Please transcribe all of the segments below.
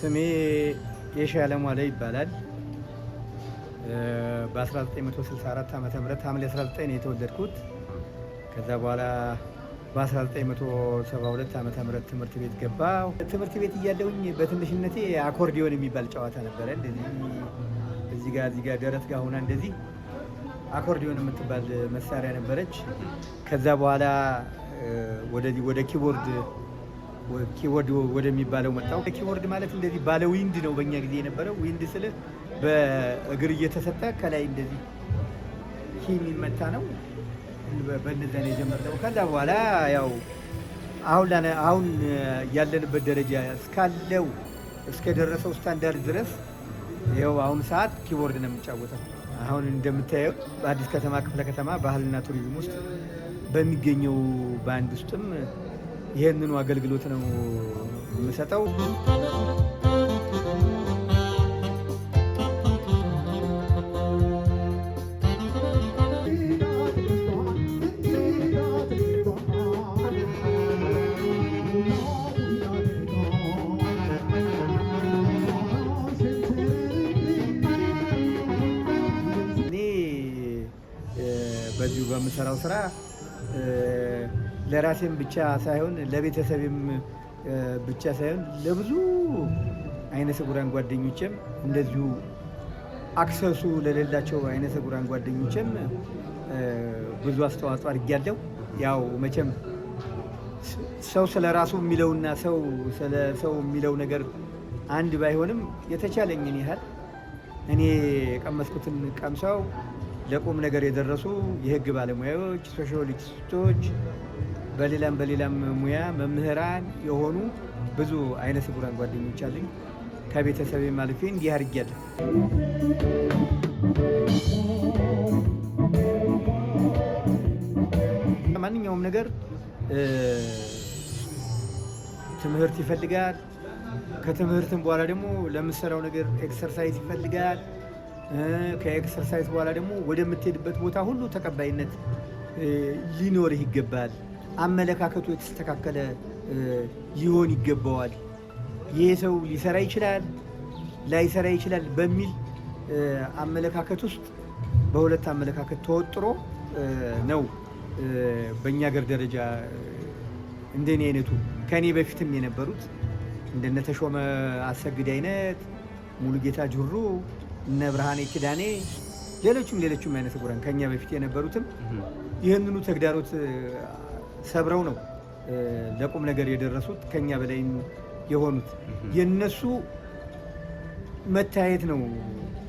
ስሜ የሻለማ ላይ ይባላል። በ1964 ዓ ም ሐምሌ 19 የተወለድኩት ከዛ በኋላ በ1972 ዓ ም ትምህርት ቤት ገባሁ። ትምህርት ቤት እያለሁኝ በትንሽነቴ አኮርዲዮን የሚባል ጨዋታ ነበረ። እንደዚህ እዚህ ጋር እዚህ ጋር ደረት ጋር ሆና እንደዚህ አኮርዲዮን የምትባል መሳሪያ ነበረች። ከዛ በኋላ ወደዚህ ወደ ኪቦርድ ኪወርድ ወደሚባለው መጣው። ኪወርድ ማለት እንደዚህ ባለ ዊንድ ነው በእኛ ጊዜ የነበረው። ዊንድ ስለ በእግር እየተሰጠ ከላይ እንደዚህ የሚመታ ነው። በነዛ ነው የጀመርነው። ከዛ በኋላ ያው አሁን አሁን ያለንበት ደረጃ እስካለው እስከደረሰው ስታንዳርድ ድረስ ይኸው አሁን ሰዓት ኪቦርድ ነው የምንጫወተው። አሁን እንደምታየው በአዲስ ከተማ ክፍለ ከተማ ባህልና ቱሪዝም ውስጥ በሚገኘው ባንድ ውስጥም ይህንኑ አገልግሎት ነው የምሰጠው። እኔ በዚሁ በምሰራው ስራ ለራሴም ብቻ ሳይሆን ለቤተሰብም ብቻ ሳይሆን ለብዙ አይነ ስጉራን ጓደኞችም እንደዚሁ አክሰሱ ለሌላቸው አይነ ስጉራን ጓደኞችም ብዙ አስተዋጽኦ አድርጊያለሁ። ያው መቼም ሰው ስለ ራሱ የሚለውና ሰው ስለ ሰው የሚለው ነገር አንድ ባይሆንም የተቻለኝን ያህል እኔ የቀመስኩትን ቀምሰው ለቁም ነገር የደረሱ የህግ ባለሙያዎች፣ ሶሻሎጂስቶች በሌላም በሌላም ሙያ መምህራን የሆኑ ብዙ አይነ ስውራን ጓደኞች አለኝ። ከቤተሰብ ማለፌ እንዲህ አድርጊያለሁ። ማንኛውም ነገር ትምህርት ይፈልጋል። ከትምህርትም በኋላ ደግሞ ለምሰራው ነገር ኤክሰርሳይዝ ይፈልጋል። ከኤክሰርሳይዝ በኋላ ደግሞ ወደምትሄድበት ቦታ ሁሉ ተቀባይነት ሊኖርህ ይገባል። አመለካከቱ የተስተካከለ ሊሆን ይገባዋል። ይሄ ሰው ሊሰራ ይችላል፣ ላይሰራ ይችላል በሚል አመለካከት ውስጥ በሁለት አመለካከት ተወጥሮ ነው በእኛ ሀገር ደረጃ እንደኔ አይነቱ ከኔ በፊትም የነበሩት እንደነ ተሾመ አሰግድ አይነት ሙሉጌታ ጆሮ እነ ብርሃኔ ኪዳኔ፣ ሌሎችም ሌሎችም አይነት ጉረን ከኛ በፊት የነበሩትም ይህንኑ ተግዳሮት ሰብረው ነው ለቁም ነገር የደረሱት ከኛ በላይም የሆኑት የነሱ መታየት ነው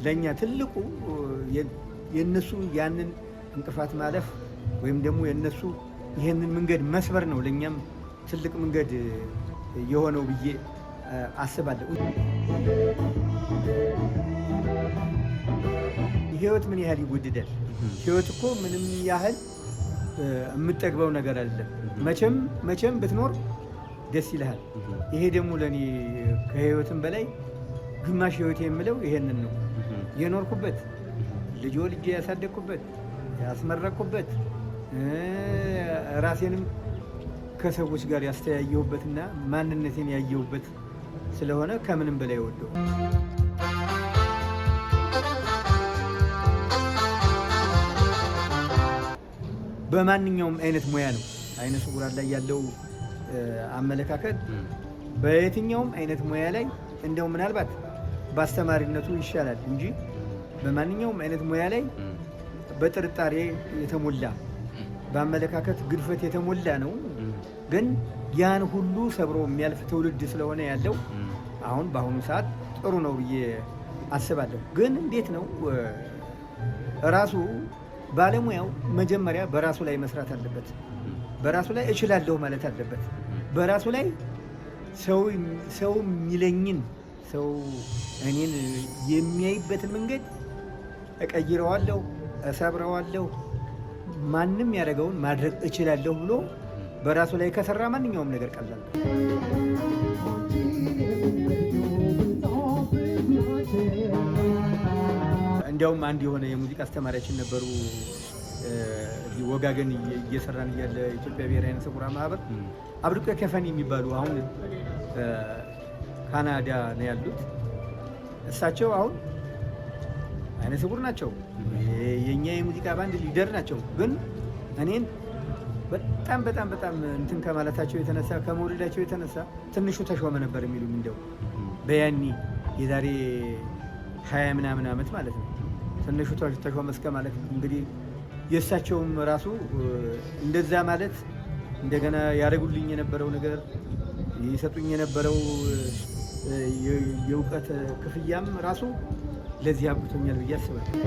ለእኛ ትልቁ የነሱ ያንን እንቅፋት ማለፍ ወይም ደግሞ የነሱ ይህንን መንገድ መስበር ነው ለእኛም ትልቅ መንገድ የሆነው ብዬ አስባለሁ። ህይወት ምን ያህል ይወደዳል? ህይወት እኮ ምንም ያህል የምጠግበው ነገር አይደለም። መቼም መቼም ብትኖር ደስ ይልሃል። ይሄ ደግሞ ለእኔ ከህይወትም በላይ ግማሽ ህይወት የምለው ይሄንን ነው የኖርኩበት ልጆ ልጅ ያሳደግኩበት ያስመረቅኩበት ራሴንም ከሰዎች ጋር ያስተያየሁበትና ማንነቴን ያየሁበት ስለሆነ ከምንም በላይ ወደው በማንኛውም አይነት ሙያ ነው። አይነ ስውራን ላይ ያለው አመለካከት በየትኛውም አይነት ሙያ ላይ እንደው ምናልባት በአስተማሪነቱ ይሻላል እንጂ በማንኛውም አይነት ሙያ ላይ በጥርጣሬ የተሞላ በአመለካከት ግድፈት የተሞላ ነው። ግን ያን ሁሉ ሰብሮ የሚያልፍ ትውልድ ስለሆነ ያለው አሁን በአሁኑ ሰዓት ጥሩ ነው ብዬ አስባለሁ። ግን እንዴት ነው ራሱ ባለሙያው መጀመሪያ በራሱ ላይ መስራት አለበት። በራሱ ላይ እችላለሁ ማለት አለበት። በራሱ ላይ ሰው የሚለኝን ሰው እኔን የሚያይበትን መንገድ እቀይረዋለሁ፣ እሰብረዋለሁ፣ ማንም ያደረገውን ማድረግ እችላለሁ ብሎ በራሱ ላይ ከሰራ ማንኛውም ነገር ቀላል እንዲያውም አንድ የሆነ የሙዚቃ አስተማሪያችን ነበሩ። ወጋገን እየሰራን እያለ ኢትዮጵያ ብሔራዊ ነፍሰ ማህበር አብዱቀ ከፈን የሚባሉ አሁን ካናዳ ነው ያሉት። እሳቸው አሁን አይነ ስውር ናቸው። የእኛ የሙዚቃ ባንድ ሊደር ናቸው። ግን እኔን በጣም በጣም በጣም እንትን ከማለታቸው የተነሳ ከመውደዳቸው የተነሳ ትንሹ ተሾመ ነበር የሚሉም እንደው በያኒ የዛሬ ሀያ ምናምን ዓመት ማለት ነው ትንሹ ተሾመ እስከ ማለት እንግዲህ የእሳቸውም ራሱ እንደዛ ማለት እንደገና ያደረጉልኝ የነበረው ነገር ይሰጡኝ የነበረው የእውቀት ክፍያም ራሱ ለዚህ አብቶኛል ብዬ አስባለሁ።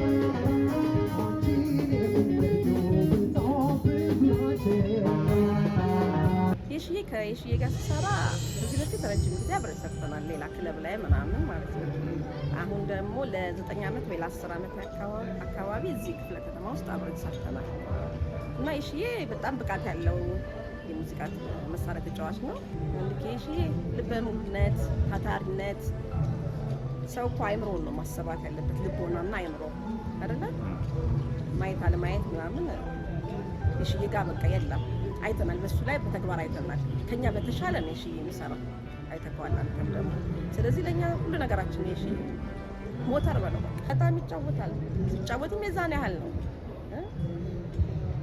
ከየሽዬ ከየሽዬ ጋር ስሰራ እዚህ በፊት ረጅም ጊዜ አብረን ሰርተናል፣ ሌላ ክለብ ላይ ምናምን ማለት ነው። አሁን ደግሞ ለዘጠኝ ዓመት ወይ ለአስር ዓመት አካባቢ እዚህ ክፍለ ከተማ ውስጥ አብረን ሰርተናል እና የሽዬ በጣም ብቃት ያለው የሙዚቃ መሳሪያ ተጫዋች ነው። አንድ የሽዬ ልበ ሙሉነት፣ ታታሪነት ሰው እኮ አይምሮ ነው ማሰባት ያለበት ልቦናና አይምሮ አይደለ ማየት አለማየት ምናምን የሽዬ ጋር በቃ የለም። አይተናል። በሱ ላይ በተግባር አይተናል። ከኛ በተሻለ ነው እሺ የሚሰራው አይተከዋል። አንተም ደግሞ ስለዚህ ለኛ ሁሉ ነገራችን እሺ ሞተር በለው በጣም ይጫወታል። ሲጫወትም የዛን ያህል ነው።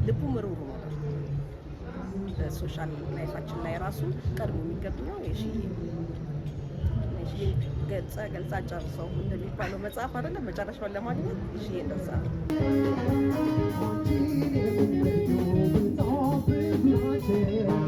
ልቡ ምሩሩ ነው። በሶሻል ላይፋችን ላይ ራሱ ቀድሞ የሚገኘው እሺ ገጸ ገልጻ ጨርሰው እንደሚባለው መጽሐፍ አይደለም መጨረሻውን ለማግኘት እሺ እንደዛ baby, my dear.